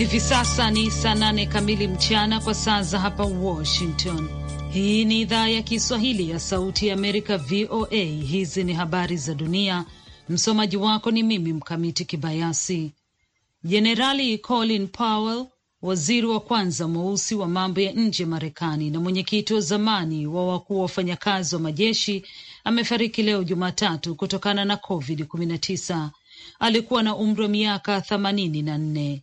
Hivi sasa ni saa nane kamili mchana kwa saa za hapa Washington. Hii ni idhaa ya Kiswahili ya Sauti ya Amerika, VOA. Hizi ni habari za dunia. Msomaji wako ni mimi Mkamiti Kibayasi. Jenerali Colin Powell, waziri wa kwanza mweusi wa mambo ya nje Marekani na mwenyekiti wa zamani wa wakuu wa wafanyakazi wa majeshi, amefariki leo Jumatatu kutokana na COVID-19. Alikuwa na umri wa miaka themanini na nne.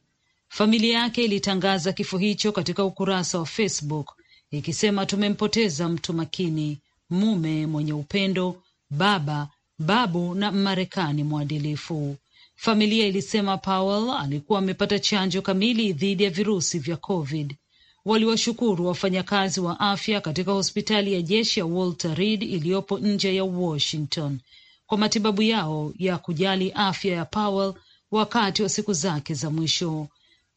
Familia yake ilitangaza kifo hicho katika ukurasa wa Facebook ikisema, tumempoteza mtu makini, mume mwenye upendo, baba, babu na Mmarekani mwadilifu. Familia ilisema Powell alikuwa amepata chanjo kamili dhidi ya virusi vya COVID. Waliwashukuru wafanyakazi wa afya katika hospitali ya jeshi ya Walter Reed iliyopo nje ya Washington kwa matibabu yao ya kujali afya ya Powell wakati wa siku zake za mwisho.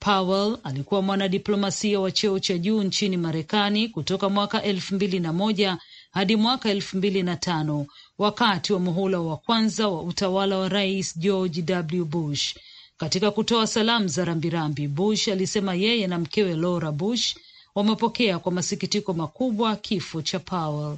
Powell alikuwa mwanadiplomasia wa cheo cha juu nchini Marekani kutoka mwaka elfu mbili na moja hadi mwaka elfu mbili na tano wakati wa muhula wa kwanza wa utawala wa Rais George W. Bush. Katika kutoa salamu za rambirambi, Bush alisema yeye na mkewe Laura Bush wamepokea kwa masikitiko makubwa kifo cha Powell.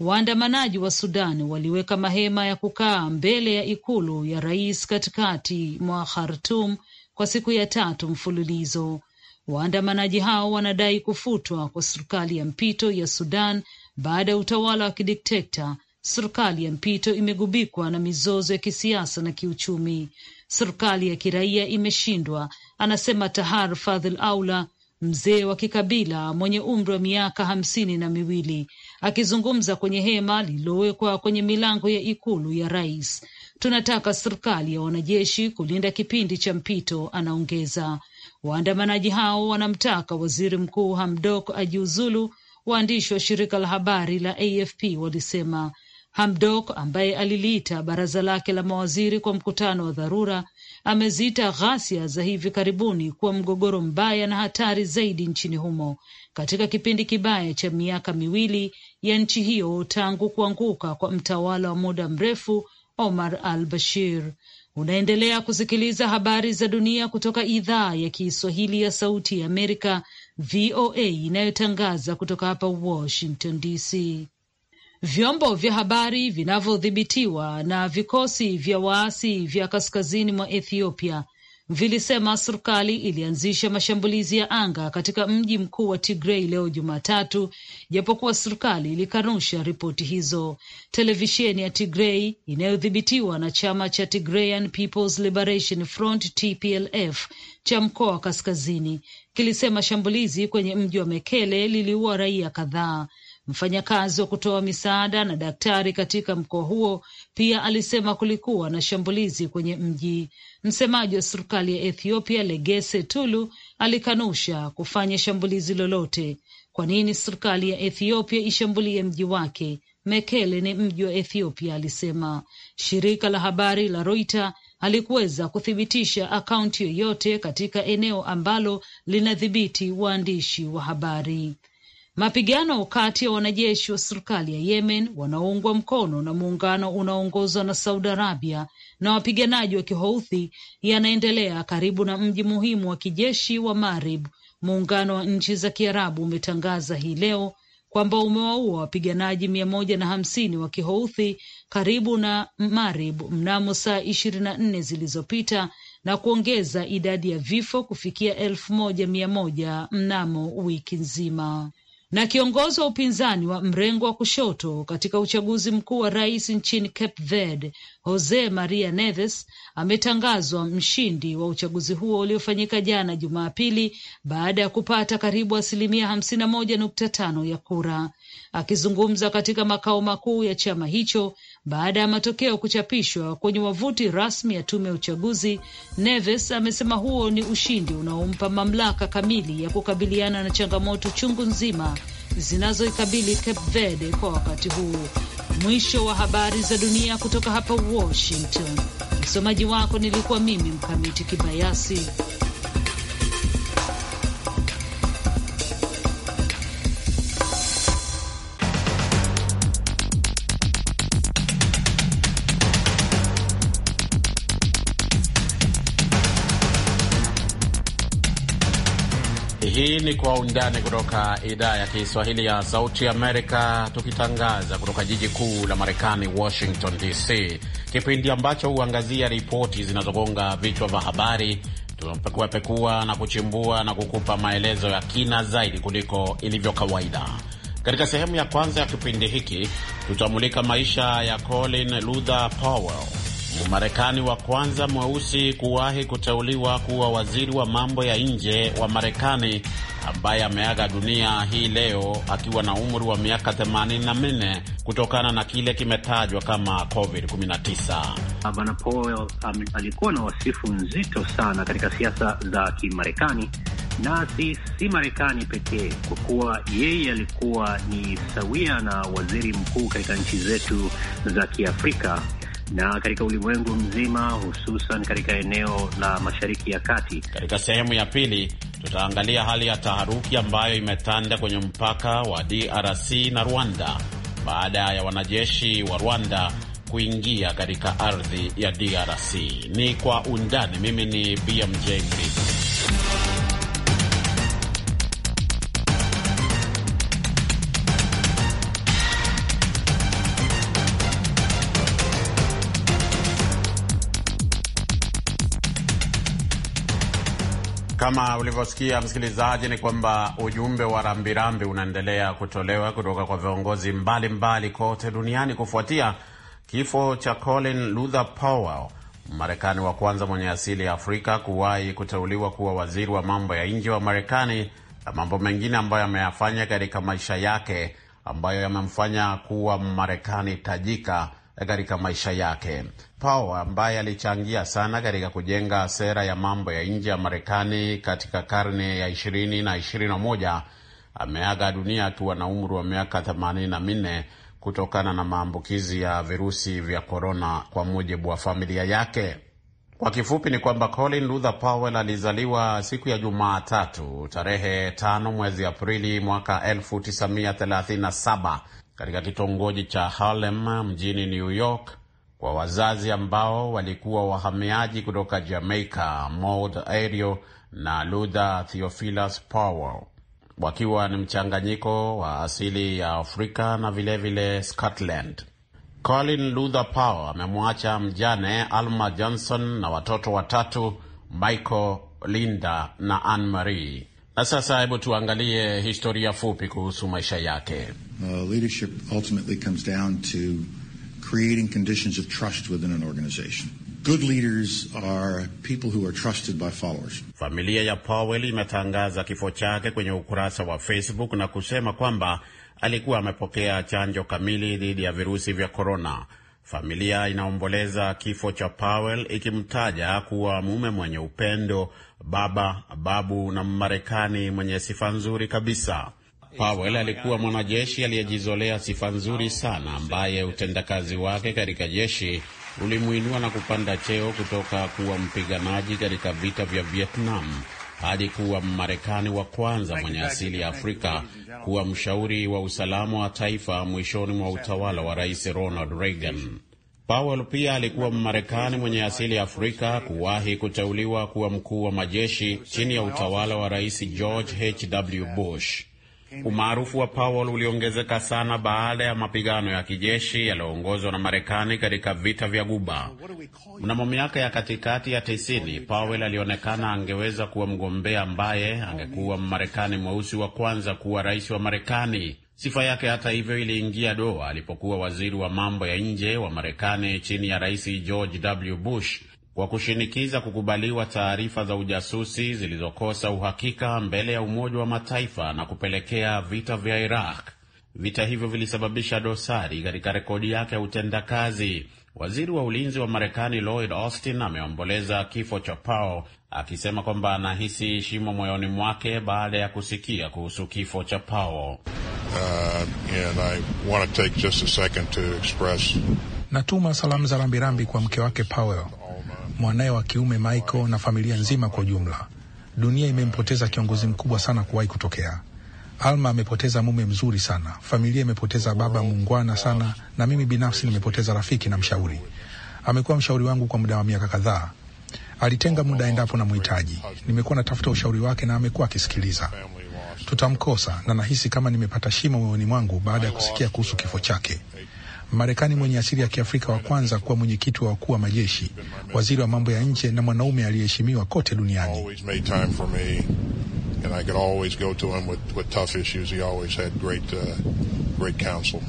Waandamanaji wa Sudani waliweka mahema ya kukaa mbele ya ikulu ya rais katikati mwa Khartum kwa siku ya tatu mfululizo. Waandamanaji hao wanadai kufutwa kwa serikali ya mpito ya Sudan baada ya utawala wa kidikteta. Serikali ya mpito imegubikwa na mizozo ya kisiasa na kiuchumi. Serikali ya kiraia imeshindwa, anasema Tahar Fadhil Aula, mzee wa kikabila mwenye umri wa miaka hamsini na miwili akizungumza kwenye hema lililowekwa kwenye milango ya ikulu ya rais tunataka serikali ya wanajeshi kulinda kipindi cha mpito, anaongeza. Waandamanaji hao wanamtaka waziri mkuu Hamdok ajiuzulu, waandishi wa shirika la habari la AFP walisema. Hamdok ambaye aliliita baraza lake la mawaziri kwa mkutano wa dharura ameziita ghasia za hivi karibuni kuwa mgogoro mbaya na hatari zaidi nchini humo katika kipindi kibaya cha miaka miwili ya nchi hiyo tangu kuanguka kwa mtawala wa muda mrefu Omar al Bashir. Unaendelea kusikiliza habari za dunia kutoka idhaa ya Kiswahili ya Sauti ya Amerika, VOA, inayotangaza kutoka hapa Washington DC. Vyombo vya habari vinavyodhibitiwa na vikosi vya waasi vya kaskazini mwa Ethiopia vilisema serikali ilianzisha mashambulizi ya anga katika mji mkuu wa Tigrei leo Jumatatu, japokuwa serikali ilikanusha ripoti hizo. Televisheni ya Tigrei inayodhibitiwa na chama cha Tigrayan Peoples Liberation Front TPLF cha mkoa wa kaskazini kilisema shambulizi kwenye mji wa Mekele liliua raia kadhaa. Mfanyakazi wa kutoa misaada na daktari katika mkoa huo pia alisema kulikuwa na shambulizi kwenye mji. Msemaji wa serikali ya Ethiopia legese Tulu alikanusha kufanya shambulizi lolote. Kwa nini serikali ya Ethiopia ishambulie mji wake? Mekele ni mji wa Ethiopia, alisema. Shirika la habari la Reuters halikuweza kuthibitisha akaunti yoyote katika eneo ambalo linadhibiti waandishi wa habari. Mapigano kati ya wanajeshi wa serikali ya Yemen wanaoungwa mkono na muungano unaoongozwa na Saudi Arabia na wapiganaji wa Kihouthi yanaendelea karibu na mji muhimu wa kijeshi wa Marib. Muungano wa nchi za Kiarabu umetangaza hii leo kwamba umewaua wapiganaji mia moja na hamsini wa Kihouthi karibu na Marib mnamo saa ishirini na nne zilizopita na kuongeza idadi ya vifo kufikia elfu moja mia moja mnamo wiki nzima na kiongozi wa upinzani wa mrengo wa kushoto katika uchaguzi mkuu wa rais nchini Cape Verde, Jose Maria Neves ametangazwa mshindi wa uchaguzi huo uliofanyika jana Jumapili baada ya kupata karibu asilimia hamsini na moja nukta tano ya kura. Akizungumza katika makao makuu ya chama hicho, baada ya matokeo kuchapishwa kwenye wavuti rasmi ya tume ya uchaguzi. Neves amesema huo ni ushindi unaompa mamlaka kamili ya kukabiliana na changamoto chungu nzima zinazoikabili Cape Verde kwa wakati huu. Mwisho wa habari za dunia kutoka hapa Washington. Msomaji wako nilikuwa mimi Mkamiti Kibayasi. Hii ni Kwa Undani kutoka idhaa ya Kiswahili ya Sauti Amerika, tukitangaza kutoka jiji kuu la Marekani, Washington DC, kipindi ambacho huangazia ripoti zinazogonga vichwa vya habari. Tunapekuapekua na kuchimbua na kukupa maelezo ya kina zaidi kuliko ilivyo kawaida. Katika sehemu ya kwanza ya kipindi hiki tutamulika maisha ya Colin Luther Powell, marekani wa kwanza mweusi kuwahi kuteuliwa kuwa waziri wa mambo ya nje wa Marekani ambaye ameaga dunia hii leo akiwa na umri wa miaka 84 kutokana na kile kimetajwa kama COVID-19. Bwana Powell um, alikuwa na wasifu nzito sana katika siasa za Kimarekani na si, si Marekani pekee, kwa kuwa yeye alikuwa ni sawia na waziri mkuu katika nchi zetu za Kiafrika na katika ulimwengu mzima, hususan katika eneo la Mashariki ya Kati. Katika sehemu ya pili tutaangalia hali ya taharuki ambayo imetanda kwenye mpaka wa DRC na Rwanda baada ya wanajeshi wa Rwanda kuingia katika ardhi ya DRC. Ni kwa undani. Mimi ni BMJ Mridi. Kama ulivyosikia msikilizaji, ni kwamba ujumbe wa rambirambi unaendelea kutolewa kutoka kwa viongozi mbalimbali kote duniani kufuatia kifo cha Colin Luther Powell, Marekani wa kwanza mwenye asili ya Afrika kuwahi kuteuliwa kuwa waziri wa mambo ya nje wa Marekani, na mambo mengine ambayo ameyafanya katika maisha yake ambayo yamemfanya kuwa Marekani tajika katika maisha yake. Pao ambaye alichangia sana katika kujenga sera ya mambo ya nje ya Marekani katika karne ya ishirini na ishirini na moja ameaga dunia akiwa na umri wa miaka themanini na minne kutokana na maambukizi ya virusi vya korona, kwa mujibu wa familia yake. Kwa kifupi ni kwamba Colin Luther Powell alizaliwa siku ya Jumatatu tarehe tano mwezi Aprili mwaka 1937 katika kitongoji cha Harlem mjini New York kwa wazazi ambao walikuwa wahamiaji kutoka Jamaica, Maud Ario na Luther Theophilus Powell, wakiwa ni mchanganyiko wa asili ya Afrika na vilevile vile Scotland. Colin Luther Powell amemwacha mjane Alma Johnson na watoto watatu, Michael, Linda na Anne Marie. Sasa hebu tuangalie historia fupi kuhusu maisha yake. Uh, leadership ultimately comes down to creating conditions of trust within an organization. Good leaders are people who are trusted by followers. Familia ya Powell imetangaza kifo chake kwenye ukurasa wa Facebook na kusema kwamba alikuwa amepokea chanjo kamili dhidi ya virusi vya korona. Familia inaomboleza kifo cha Powell ikimtaja kuwa mume mwenye upendo, baba, babu na Mmarekani mwenye sifa nzuri kabisa. Powell alikuwa mwanajeshi aliyejizolea sifa nzuri sana, ambaye utendakazi wake katika jeshi ulimwinua na kupanda cheo kutoka kuwa mpiganaji katika vita vya Vietnam hadi kuwa Mmarekani wa kwanza mwenye asili ya Afrika kuwa mshauri wa usalama wa taifa mwishoni mwa utawala wa Rais Ronald Reagan. Powell pia alikuwa Mmarekani mwenye asili ya Afrika kuwahi kuteuliwa kuwa mkuu wa majeshi chini ya utawala wa Rais George H. W. Bush. Umaarufu wa Powell uliongezeka sana baada ya mapigano ya kijeshi yaliyoongozwa na Marekani katika vita vya Guba. Mnamo miaka ya katikati ya tisini, Powell alionekana angeweza kuwa mgombea ambaye angekuwa Mmarekani mweusi wa kwanza kuwa rais wa Marekani. Sifa yake hata hivyo iliingia doa alipokuwa waziri wa mambo ya nje wa Marekani chini ya Rais George W. Bush wa kushinikiza kukubaliwa taarifa za ujasusi zilizokosa uhakika mbele ya Umoja wa Mataifa na kupelekea vita vya Iraq. Vita hivyo vilisababisha dosari katika rekodi yake ya utendakazi. Waziri wa ulinzi wa Marekani Lloyd Austin ameomboleza kifo cha pao akisema kwamba anahisi shimo moyoni mwake baada ya kusikia kuhusu kifo cha pao Uh, natuma salamu za rambirambi kwa mke wake Powell mwanaye wa kiume Michael na familia nzima kwa ujumla. Dunia imempoteza kiongozi mkubwa sana kuwahi kutokea. Alma amepoteza mume mzuri sana, familia imepoteza baba muungwana sana, na mimi binafsi nimepoteza rafiki na mshauri. Amekuwa mshauri wangu kwa muda wa miaka kadhaa. Alitenga muda endapo na mhitaji. Nimekuwa natafuta ushauri wake na amekuwa akisikiliza. Tutamkosa na nahisi kama nimepata shimo moyoni mwangu baada ya kusikia kuhusu kifo chake. Marekani mwenye asili ya Kiafrika wa kwanza kuwa mwenyekiti wa wakuu wa majeshi, waziri wa mambo ya nje na mwanaume aliyeheshimiwa kote duniani. Uh,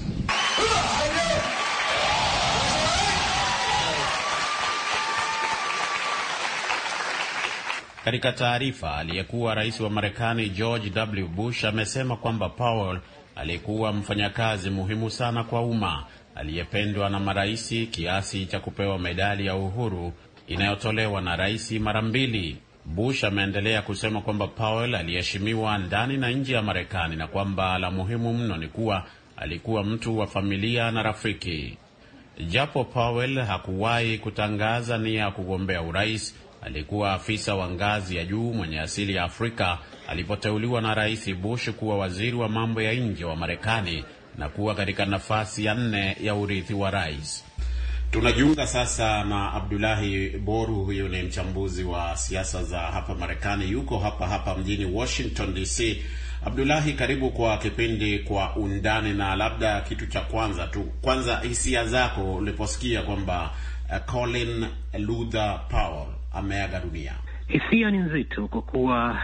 Katika taarifa, aliyekuwa rais wa Marekani George W. Bush amesema kwamba Powell alikuwa mfanyakazi muhimu sana kwa umma aliyependwa na maraisi kiasi cha kupewa medali ya uhuru inayotolewa na rais mara mbili. Bush ameendelea kusema kwamba Powell aliheshimiwa ndani na nje ya Marekani na kwamba la muhimu mno ni kuwa alikuwa mtu wa familia na rafiki. Japo Powell hakuwahi kutangaza nia ya kugombea urais, alikuwa afisa wa ngazi ya juu mwenye asili ya Afrika alipoteuliwa na Rais Bush kuwa waziri wa mambo ya nje wa Marekani na kuwa katika nafasi ya nne ya urithi wa rais. Tunajiunga sasa na Abdulahi Boru, huyu ni mchambuzi wa siasa za hapa Marekani, yuko hapa hapa mjini Washington DC. Abdulahi, karibu kwa kipindi Kwa Undani, na labda kitu cha kwanza tu, kwanza hisia zako uliposikia kwamba eh, Colin Luther Powell ameaga dunia? Hisia ni nzito kwa kuwa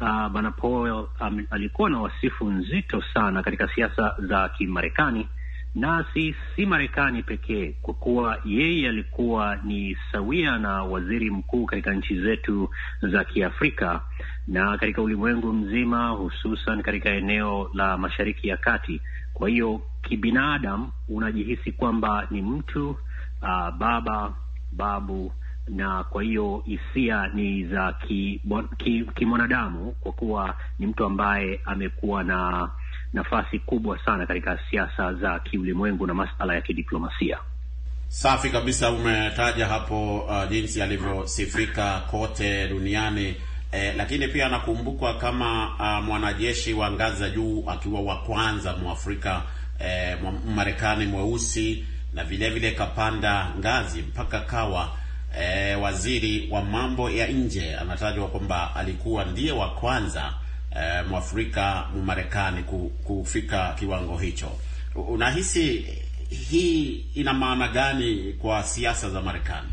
uh, Bwana Powell um, alikuwa na wasifu nzito sana katika siasa za Kimarekani na si, si Marekani pekee, kwa kuwa yeye alikuwa ni sawia na waziri mkuu katika nchi zetu za Kiafrika na katika ulimwengu mzima, hususan katika eneo la Mashariki ya Kati. Kwa hiyo kibinadamu unajihisi kwamba ni mtu uh, baba, babu na kwa hiyo hisia ni za kimwanadamu ki, ki kwa kuwa ni mtu ambaye amekuwa na nafasi kubwa sana katika siasa za kiulimwengu na masala ya kidiplomasia. Safi kabisa, umetaja hapo uh, jinsi alivyosifika kote duniani eh, lakini pia anakumbukwa kama uh, mwanajeshi wa ngazi za juu akiwa wa kwanza Mwafrika eh, Marekani mweusi na vilevile vile kapanda ngazi mpaka kawa e, waziri wa mambo ya nje anatajwa kwamba alikuwa ndiye wa kwanza e, mwafrika Mmarekani kufika kiwango hicho. Unahisi hii ina maana gani kwa siasa za Marekani?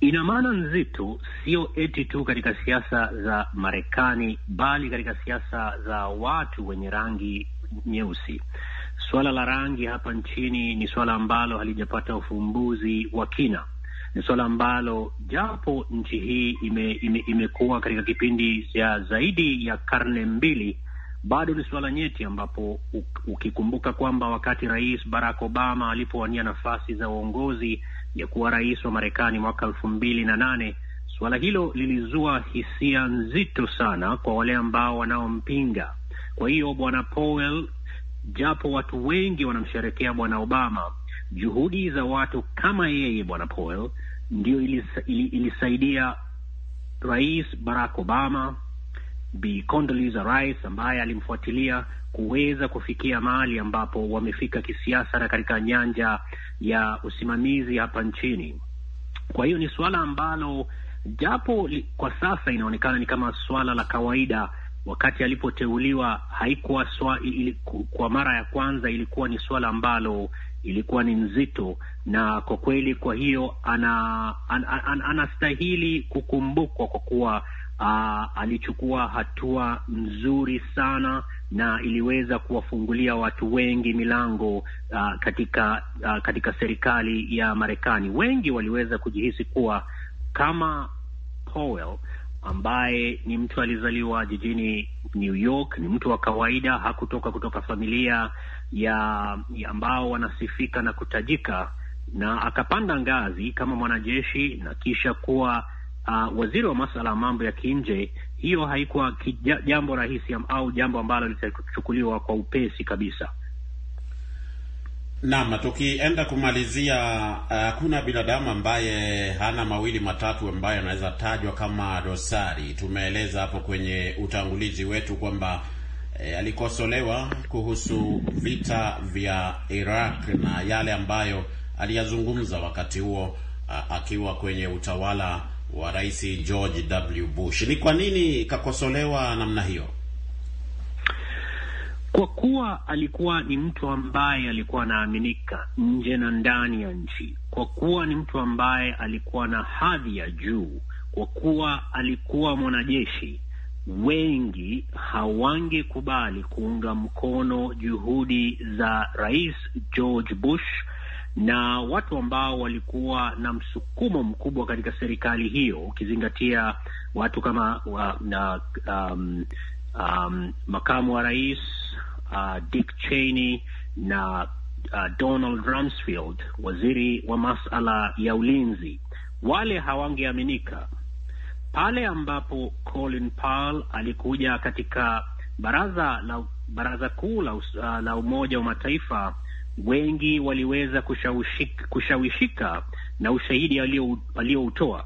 Ina maana nzito, sio eti tu katika siasa za Marekani, bali katika siasa za watu wenye rangi nyeusi suala la rangi hapa nchini ni suala ambalo halijapata ufumbuzi wa kina. Ni suala ambalo japo nchi hii ime, ime, imekuwa katika kipindi cha zaidi ya karne mbili, bado ni suala nyeti, ambapo ukikumbuka kwamba wakati Rais Barack Obama alipowania nafasi za uongozi ya kuwa rais wa Marekani mwaka elfu mbili na nane suala hilo lilizua hisia nzito sana kwa wale ambao wanaompinga. Kwa hiyo Bwana Powell japo watu wengi wanamsherekea bwana Obama, juhudi za watu kama yeye bwana Powell ndio ilisa, ilisaidia Rais Barack Obama, Bi Condoleezza Rice ambaye alimfuatilia kuweza kufikia mahali ambapo wamefika kisiasa na katika nyanja ya usimamizi hapa nchini. Kwa hiyo ni suala ambalo japo kwa sasa inaonekana ni kama suala la kawaida wakati alipoteuliwa haikuwa swa, iliku, kwa mara ya kwanza ilikuwa ni swala ambalo ilikuwa ni nzito, na kwa kweli, kwa hiyo ana, an, an, an, anastahili kukumbukwa kwa kuwa Uh, alichukua hatua nzuri sana na iliweza kuwafungulia watu wengi milango uh, katika uh, katika serikali ya Marekani. Wengi waliweza kujihisi kuwa kama Powell ambaye ni mtu alizaliwa jijini New York, ni mtu wa kawaida, hakutoka kutoka familia ya, ya ambao wanasifika na kutajika, na akapanda ngazi kama mwanajeshi na kisha kuwa uh, waziri wa masuala ya mambo ya kinje. Hiyo haikuwa jambo rahisi au jambo ambalo litachukuliwa kwa upesi kabisa. Naam, tukienda kumalizia, eh, hakuna uh, binadamu ambaye hana mawili matatu ambayo anaweza tajwa kama dosari. Tumeeleza hapo kwenye utangulizi wetu kwamba eh, alikosolewa kuhusu vita vya Iraq na yale ambayo aliyazungumza wakati huo uh, akiwa kwenye utawala wa Rais George W. Bush. Ni kwa nini ikakosolewa namna hiyo? kwa kuwa alikuwa ni mtu ambaye alikuwa anaaminika nje na ndani ya nchi, kwa kuwa ni mtu ambaye alikuwa na hadhi ya juu, kwa kuwa alikuwa mwanajeshi, wengi hawangekubali kuunga mkono juhudi za Rais George Bush na watu ambao walikuwa na msukumo mkubwa katika serikali hiyo, ukizingatia watu kama wa, na, um, um, makamu wa rais uh, Dick Cheney na uh, Donald Rumsfeld, waziri wa masala ya ulinzi, wale hawangeaminika. Pale ambapo Colin Powell alikuja katika baraza la baraza kuu la, uh, la Umoja wa Mataifa, wengi waliweza kushawishika, kushawishika na ushahidi aliyoutoa,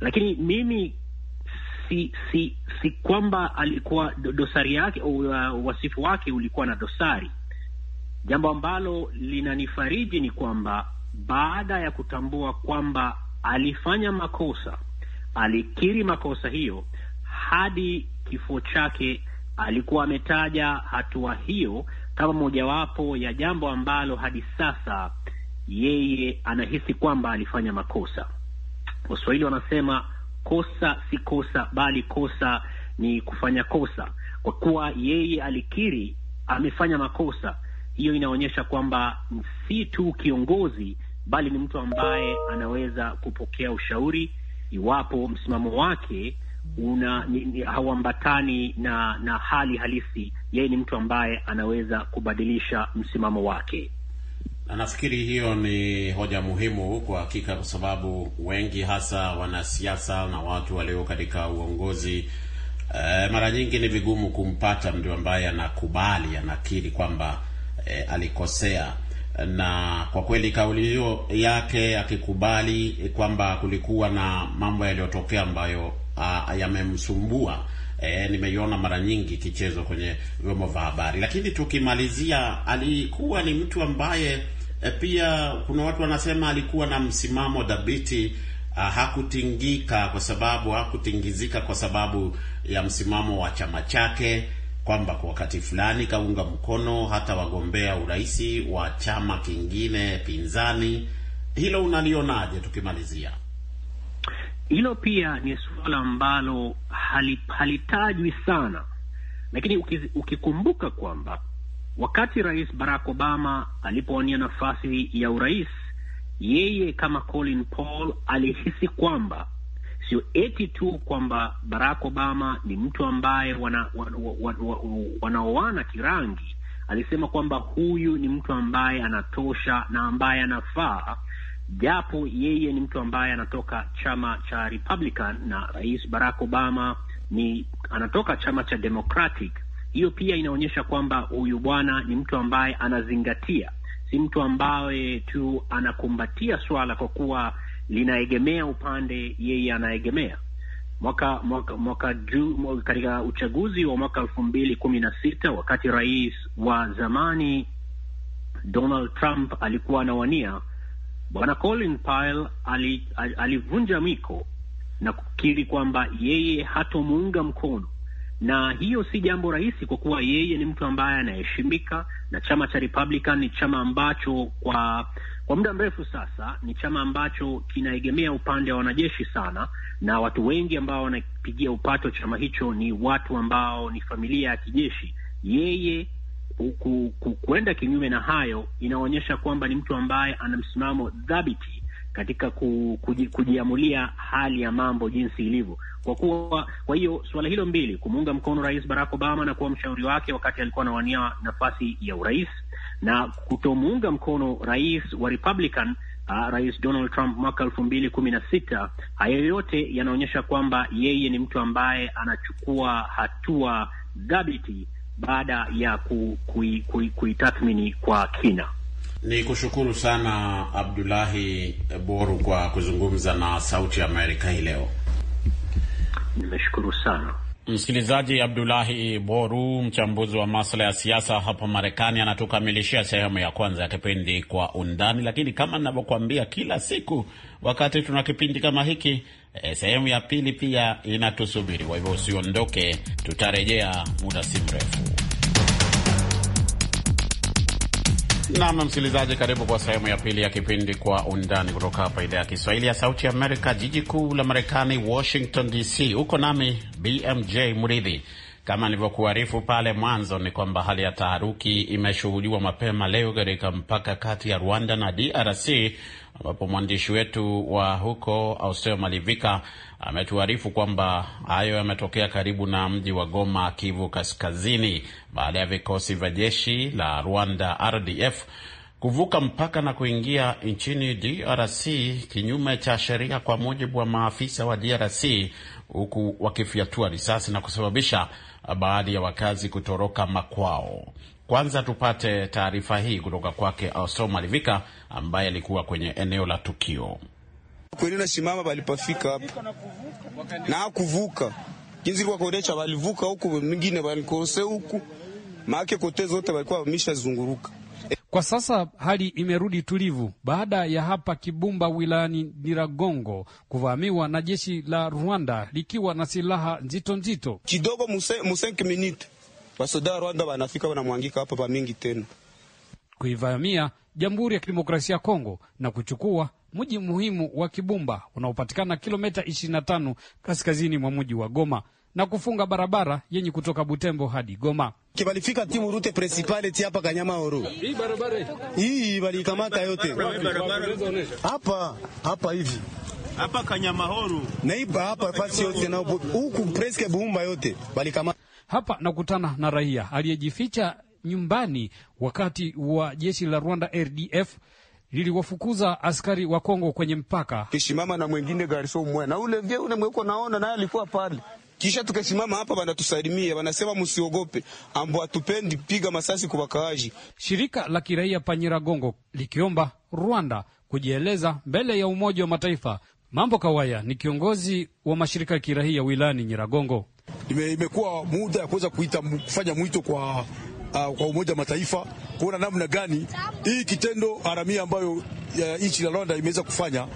lakini mimi si, si, si kwamba alikuwa dosari yake, uh, wasifu wake ulikuwa na dosari. Jambo ambalo linanifariji ni kwamba baada ya kutambua kwamba alifanya makosa, alikiri makosa hiyo, hadi kifo chake alikuwa ametaja hatua hiyo kama mojawapo ya jambo ambalo hadi sasa yeye anahisi kwamba alifanya makosa. Waswahili wanasema kosa si kosa, bali kosa ni kufanya kosa. Kwa kuwa yeye alikiri amefanya makosa, hiyo inaonyesha kwamba si tu kiongozi, bali ni mtu ambaye anaweza kupokea ushauri iwapo msimamo wake una hauambatani na, na hali halisi. Yeye ni mtu ambaye anaweza kubadilisha msimamo wake na nafikiri hiyo ni hoja muhimu kwa hakika, kwa sababu wengi hasa wanasiasa na watu walio katika uongozi e, mara nyingi ni vigumu kumpata mtu ambaye anakubali anakiri kwamba e, alikosea. Na kwa kweli kauli hiyo yake, akikubali kwamba kulikuwa na mambo yaliyotokea ambayo ah, yamemsumbua E, nimeiona mara nyingi kichezo kwenye vyombo vya habari, lakini tukimalizia, alikuwa ni mtu ambaye e, pia kuna watu wanasema alikuwa na msimamo dhabiti. Uh, hakutingika kwa sababu hakutingizika kwa sababu ya msimamo wa chama chake, kwamba kwa wakati fulani kaunga mkono hata wagombea uraisi wa chama kingine pinzani. Hilo unalionaje? Tukimalizia hilo, pia ni suala ambalo halitajwi sana, lakini ukikumbuka kwamba Wakati Rais Barack Obama alipowania nafasi ya urais, yeye kama Colin Paul alihisi kwamba sio eti tu kwamba Barack Obama ni mtu ambaye wanaoana wana, wana, wana kirangi. Alisema kwamba huyu ni mtu ambaye anatosha na ambaye anafaa, japo yeye ni mtu ambaye anatoka chama cha Republican na Rais Barack Obama ni anatoka chama cha Democratic hiyo pia inaonyesha kwamba huyu bwana ni mtu ambaye anazingatia, si mtu ambaye tu anakumbatia swala kwa kuwa linaegemea upande yeye anaegemea. Mwaka, mwaka, mwaka juu katika uchaguzi wa mwaka elfu mbili kumi na sita wakati rais wa zamani Donald Trump alikuwa anawania, bwana Colin Powell alivunja ali, ali miko na kukiri kwamba yeye hatomuunga mkono na hiyo si jambo rahisi, kwa kuwa yeye ni mtu ambaye anaheshimika, na chama cha Republican ni chama ambacho kwa kwa muda mrefu sasa ni chama ambacho kinaegemea upande wa wanajeshi sana, na watu wengi ambao wanapigia upato chama hicho ni watu ambao ni familia ya kijeshi. Yeye kuenda kinyume na hayo inaonyesha kwamba ni mtu ambaye ana msimamo dhabiti katika kuji, kujiamulia hali ya mambo jinsi ilivyo. Kwa kuwa kwa hiyo suala hilo mbili, kumuunga mkono Rais Barack Obama na kuwa mshauri wake wakati alikuwa anawania nafasi ya urais na kutomuunga mkono rais wa Republican Uh, Rais Donald Trump mwaka elfu mbili kumi na sita. Haya yote yanaonyesha kwamba yeye ni mtu ambaye anachukua hatua dhabiti baada ya kuitathmini kui, kui, kui kwa kina. Ni kushukuru sana Abdulahi Boru kwa kuzungumza na Sauti ya Amerika hii leo. Nimeshukuru sana msikilizaji. Abdulahi Boru, mchambuzi wa masuala ya siasa hapa Marekani, anatukamilishia sehemu ya kwanza ya kipindi Kwa Undani. Lakini kama ninavyokuambia kila siku wakati tuna kipindi kama hiki, e, sehemu ya pili pia inatusubiri. Kwa hivyo usiondoke, tutarejea muda si mrefu. Nam msikilizaji, karibu kwa sehemu ya pili ya kipindi Kwa Undani kutoka hapa idhaa ya Kiswahili ya Sauti Amerika, jiji kuu la Marekani, Washington DC. Huko nami BMJ Mridhi kama nilivyokuarifu pale mwanzo, ni kwamba hali ya taharuki imeshuhudiwa mapema leo katika mpaka kati ya Rwanda na DRC ambapo mwandishi wetu wa huko Austeo Malivika ametuarifu kwamba hayo yametokea karibu na mji wa Goma, Kivu Kaskazini, baada ya vikosi vya jeshi la Rwanda RDF kuvuka mpaka na kuingia nchini DRC kinyume cha sheria, kwa mujibu wa maafisa wa DRC, huku wakifyatua risasi na kusababisha baadhi ya wakazi kutoroka makwao. Kwanza tupate taarifa hii kutoka kwake aso Malivika ambaye alikuwa kwenye eneo la tukio. Kweli nasimama balipafika hapa na kuvuka jinsi kwa kodesha, walivuka huku, mwingine walikose huku, maake kote zote walikuwa wameshazunguruka kwa sasa hali imerudi tulivu baada ya hapa Kibumba wilayani Niragongo kuvamiwa na jeshi la Rwanda likiwa na silaha nzito nzito. Kidogo musenki minute wasoda wa Rwanda wanafika wanamwangika hapa pa mingi tena kuivamia Jamhuri ya Kidemokrasia ya Kongo na kuchukua mji muhimu wa Kibumba unaopatikana kilomita 25 kaskazini mwa mji wa Goma na kufunga barabara yenye kutoka Butembo hadi Goma. Kibalifika timu rute principale ti hapa Kanyama Oru. Hii barabara hii balikamata yote. Hapa hapa hivi. Hapa Kanyama Oru. Na hapa hapa fasi yote na huku preske Bumba yote balikamata. Hapa nakutana na raia aliyejificha nyumbani wakati wa jeshi la Rwanda RDF liliwafukuza askari wa Kongo kwenye mpaka. Kishimama na mwingine garso mwe na ule vye ule mweko naona naye alikuwa pale kisha tukasimama hapa, wanatusalimia wanasema, msiogope, ambo atupendi piga masasi kwa wakaaji. Shirika la kiraia Panyiragongo likiomba Rwanda kujieleza mbele ya Umoja wa Mataifa. Mambo Kawaya ni kiongozi wa mashirika ya kiraia wilayani Nyiragongo. Ime, imekuwa muda ya kuweza kuita kufanya mwito kwa, uh, kwa Umoja wa Mataifa kuona namna gani hii kitendo haramia ambayo nchi ya Rwanda imeweza kufanya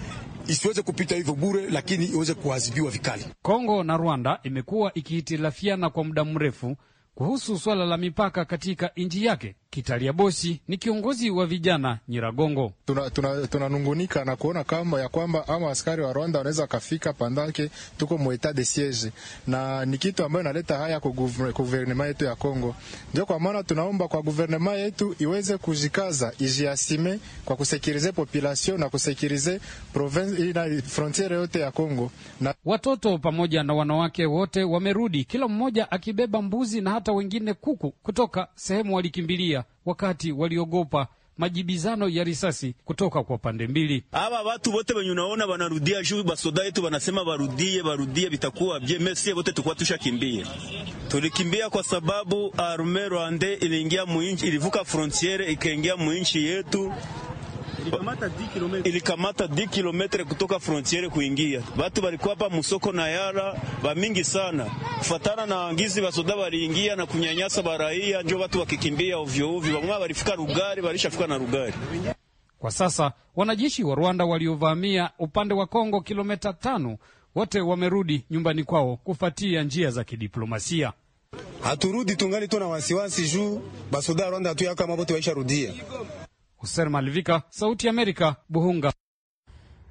isiweze kupita hivyo bure, lakini iweze kuadhibiwa vikali. Kongo na Rwanda imekuwa ikihitilafiana kwa muda mrefu kuhusu swala la mipaka katika nchi yake. Kitalia Bosi ni kiongozi wa vijana Nyiragongo. Tunanungunika tuna, tuna na kuona kama ya kwamba ama askari wa Rwanda wanaweza kafika pandake tuko mueta de siege, na ni kitu ambayo inaleta haya kwa guvernema yetu ya Kongo. Ndio kwa maana tunaomba kwa guvernema yetu iweze kujikaza, ijiasime kwa kusekirize population na kusekirize province eh, na frontiere yote ya Kongo. Na watoto pamoja na wanawake wote wamerudi, kila mmoja akibeba mbuzi na hata wengine kuku kutoka sehemu walikimbilia kukimbia wakati waliogopa majibizano ya risasi kutoka kwa pande mbili. Aba watu wote wenye unaona wanarudia juu basoda yetu wanasema warudie, warudie, vitakuwa vye mesie wote tukua tushakimbie. Tulikimbia kwa sababu arme Rwande iliingia muinchi, ilivuka frontiere ikaingia muinchi yetu ilikamata 10 kilometre kutoka frontiere kuingia. Watu walikuwa hapa musoko na yara mingi sana, kufatana na angizi basoda waliingia na kunyanyasa baraia, njo watu wakikimbia ovyo ovyo, wamwa walifika Rugari, walishafika na Rugari. Kwa sasa wanajeshi wa Rwanda waliovamia upande wa Kongo kilomita tano wote wamerudi nyumbani kwao kufuatia njia za kidiplomasia. Haturudi tungali na wasiwasi juu basoda ya Rwanda mabote waisharudia Hussein Malivika, Sauti ya Amerika, Buhunga.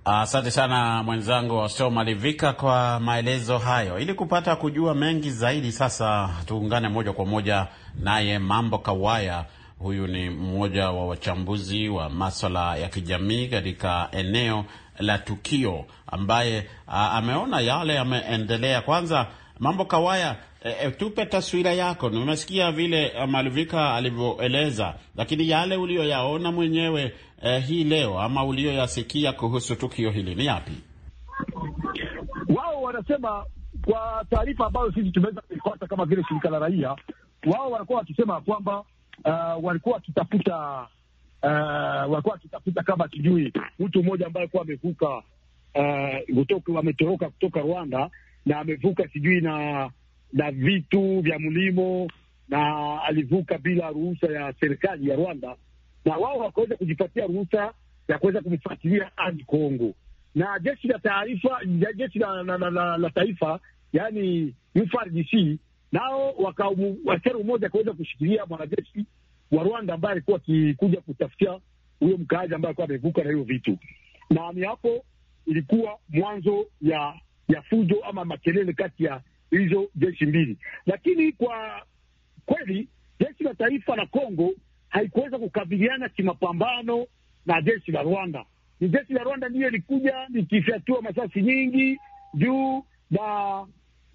Asante sana mwenzangu Hoser Malivika kwa maelezo hayo. Ili kupata kujua mengi zaidi, sasa tuungane moja kwa moja naye Mambo Kawaya. Huyu ni mmoja wa wachambuzi wa maswala ya kijamii katika eneo la tukio, ambaye ameona yale yameendelea. Kwanza Mambo Kawaya, e, tupe taswira yako. Nimesikia vile eh, malvika alivyoeleza, lakini yale uliyoyaona mwenyewe e, hii leo ama uliyoyasikia kuhusu tukio hili ni yapi? Wao wanasema kwa taarifa ambayo sisi tumeweza kuipata kama vile shirika la raia, wao walikuwa wakisema kwamba uh, walikuwa wakitafuta uh, walikuwa wakitafuta kama sijui mtu mmoja ambaye alikuwa amevuka uh, ametoroka kutoka Rwanda na amevuka sijui na na vitu vya mlimo, na alivuka bila ruhusa ya serikali ya Rwanda, na wao wakaweza kujipatia ruhusa ya kuweza kumfuatilia hadi Kongo, na jeshi la ya jeshi la, la, la, la, la taifa yani FARDC nao wakawasera umoja akaweza kushikilia mwanajeshi wa Rwanda ambaye alikuwa akikuja kutafutia huyo mkaaji ambaye alikuwa amevuka na hiyo vitu, na ni hapo ilikuwa mwanzo ya ya fujo ama makelele kati ya hizo jeshi mbili, lakini kwa kweli jeshi la taifa la Kongo haikuweza kukabiliana kimapambano na jeshi la Rwanda. Ni jeshi la Rwanda ndiyo ilikuja likifyatua masasi nyingi juu na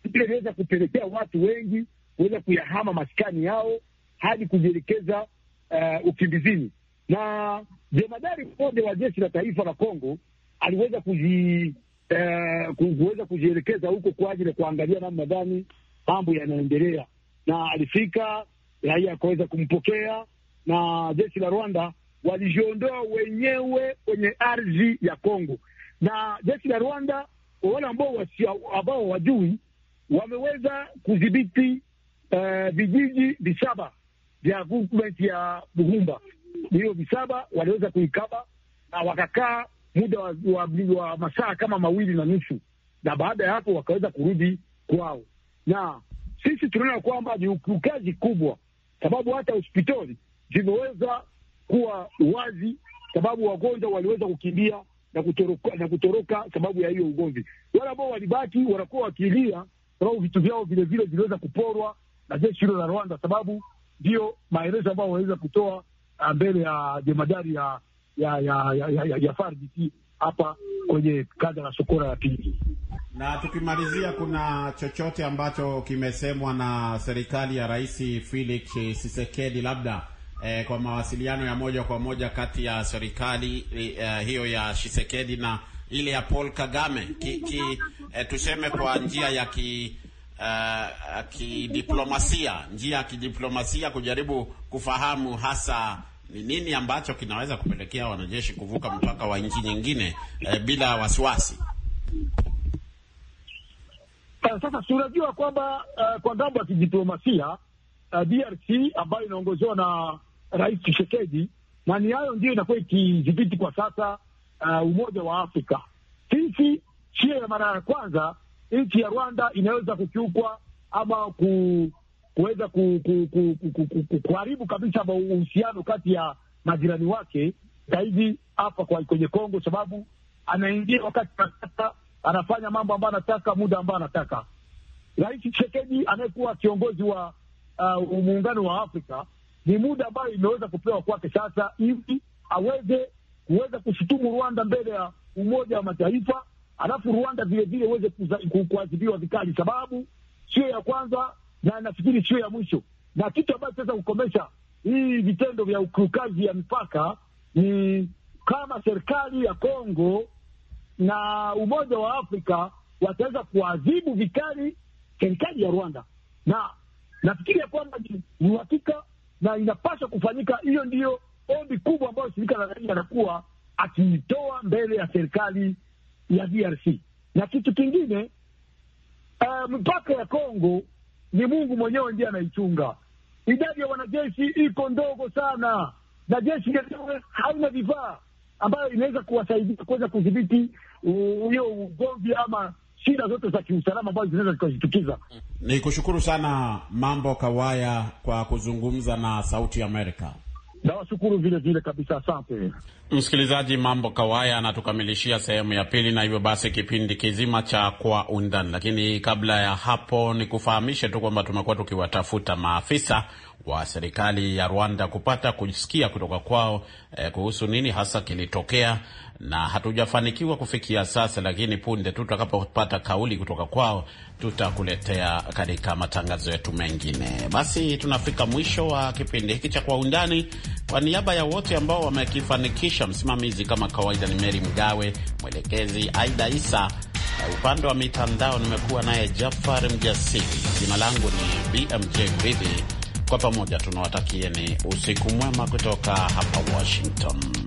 vile iliweza kupelekea watu wengi kuweza kuyahama maskani yao hadi kujielekeza uh, ukimbizini. Na jemadari mmoja wa jeshi la taifa la Kongo aliweza kuji eh, kuweza kujielekeza huko kwa ajili ya kuangalia namna gani mambo yanaendelea, na alifika raia akaweza kumpokea, na jeshi la Rwanda walijiondoa wenyewe kwenye ardhi ya Kongo, na jeshi la Rwanda wale ambao ambao wajui wameweza kudhibiti eh, vijiji visaba vya government ya Buhumba. Hiyo visaba waliweza kuikaba na wakakaa muda wa, wa, wa masaa kama mawili na nusu, na baada ya hapo wakaweza kurudi kwao, na sisi tunaona kwamba ni ukiukaji kubwa, sababu hata hospitali zimeweza kuwa wazi, sababu wagonjwa waliweza kukimbia na kutoroka, na kutoroka sababu ya hiyo ugomvi. Wale ambao walibaki wanakuwa wakilia sababu vitu vyao vilevile viliweza kuporwa na jeshi hilo la Rwanda, sababu ndiyo maelezo ambayo waweza kutoa ah, mbele ya jemadari ya ya ya, ya, ya, ya FARDC hapa kwenye kada la Sokora ya pili. Na tukimalizia, kuna chochote ambacho kimesemwa na serikali ya Rais Felix Tshisekedi labda eh, kwa mawasiliano ya moja kwa moja kati ya serikali eh, hiyo ya Tshisekedi na ile ya Paul Kagame ki, ki, eh, tuseme kwa njia ya ki uh, kidiplomasia njia ya kidiplomasia kujaribu kufahamu hasa ni nini ambacho kinaweza kupelekea wanajeshi kuvuka mpaka wa nchi nyingine eh, bila wasiwasi? Ah, sasa tunajua kwamba uh, kwa ngambo ya kidiplomasia uh, eh, DRC ambayo inaongozewa na Rais Tshisekedi na ni hayo ndio inakuwa ikidhibiti kwa sasa uh, Umoja wa Afrika. Sisi sio ya mara ya kwanza nchi ya Rwanda inaweza kukiukwa ama ku kuweza kuharibu ku, ku, ku, ku, kabisa uhusiano kati ya majirani wake zaidi hapa kwenye Kongo, sababu anaingia wakati anataka, anafanya mambo ambayo anataka, muda ambayo anataka. Rais Tshisekedi anayekuwa kiongozi wa uh, muungano wa Afrika ni muda ambayo imeweza kupewa kwake sasa ili aweze kuweza kushutumu Rwanda mbele ya Umoja wa Mataifa, alafu Rwanda vilevile uweze kuadhibiwa vikali, sababu sio ya kwanza na nafikiri sio ya mwisho, na kitu ambacho sasa kukomesha hii vitendo vya ukiukaji ya mipaka ni kama serikali ya Kongo na Umoja wa Afrika wataweza kuadhibu vikali serikali ya Rwanda, na nafikiri ya kwamba ni uhakika na inapaswa kufanyika. Hiyo ndiyo ombi kubwa ambayo shirika la raia anakuwa akiitoa mbele ya serikali ya DRC. Na kitu kingine, uh, eh, mpaka ya Kongo ni Mungu mwenyewe ndiye anaichunga. Idadi ya wanajeshi iko ndogo sana, na jeshi lenyewe haina vifaa ambayo inaweza kuwasaidia kuweza kudhibiti hiyo ugomvi ama shida zote za kiusalama ambazo zinaweza zikazitukiza. Ni kushukuru sana Mambo Kawaya kwa kuzungumza na Sauti Amerika. Nawashukuru vile vile kabisa, asante msikilizaji. Mambo Kawaya anatukamilishia sehemu ya pili, na hivyo basi kipindi kizima cha Kwa Undani. Lakini kabla ya hapo, ni kufahamishe tu kwamba tumekuwa tukiwatafuta maafisa wa serikali ya Rwanda kupata kusikia kutoka kwao eh, kuhusu nini hasa kilitokea na hatujafanikiwa kufikia sasa, lakini punde tu tutakapopata kauli kutoka kwao tutakuletea katika matangazo yetu mengine. Basi tunafika mwisho wa kipindi hiki cha Kwa Undani. Kwa niaba ya wote ambao wamekifanikisha, msimamizi kama kawaida ni Meri Mgawe, mwelekezi Aida Isa, upande wa mitandao nimekuwa naye Jafar Mjasiri, jina langu ni BMJ Mridhi. Kwa pamoja tunawatakieni usiku mwema kutoka hapa Washington.